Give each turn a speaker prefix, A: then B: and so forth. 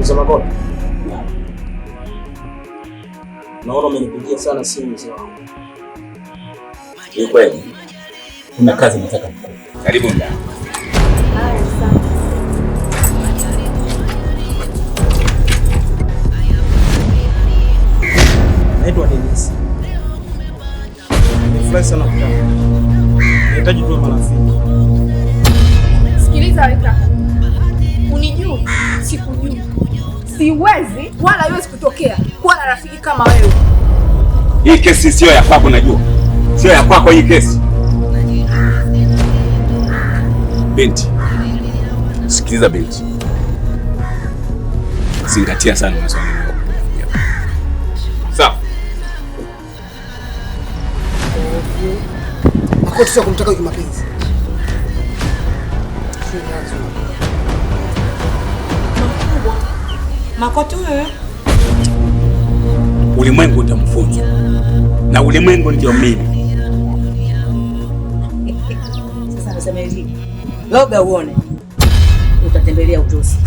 A: Mzee Makoni, naona umenipigia sana simu mzee wangu. Ni kweli kuna kazi nataka mkuu. Karibu ndani.
B: Sikiliza siwezi wala haiwezi kutokea kuwa na rafiki kama wewe.
A: Hii kesi siyo ya kwako, najua siyo ya kwako hii kesi. Binti, sikiliza binti, zingatia sana maswali sawa. Akotusa kumtaka mapenzi
B: Makotu wewe. Eh?
A: Ulimwengu utamfunza na ulimwengu ndio mimi.
B: Sasa nasema hivi, loga uone utatembelea utosi.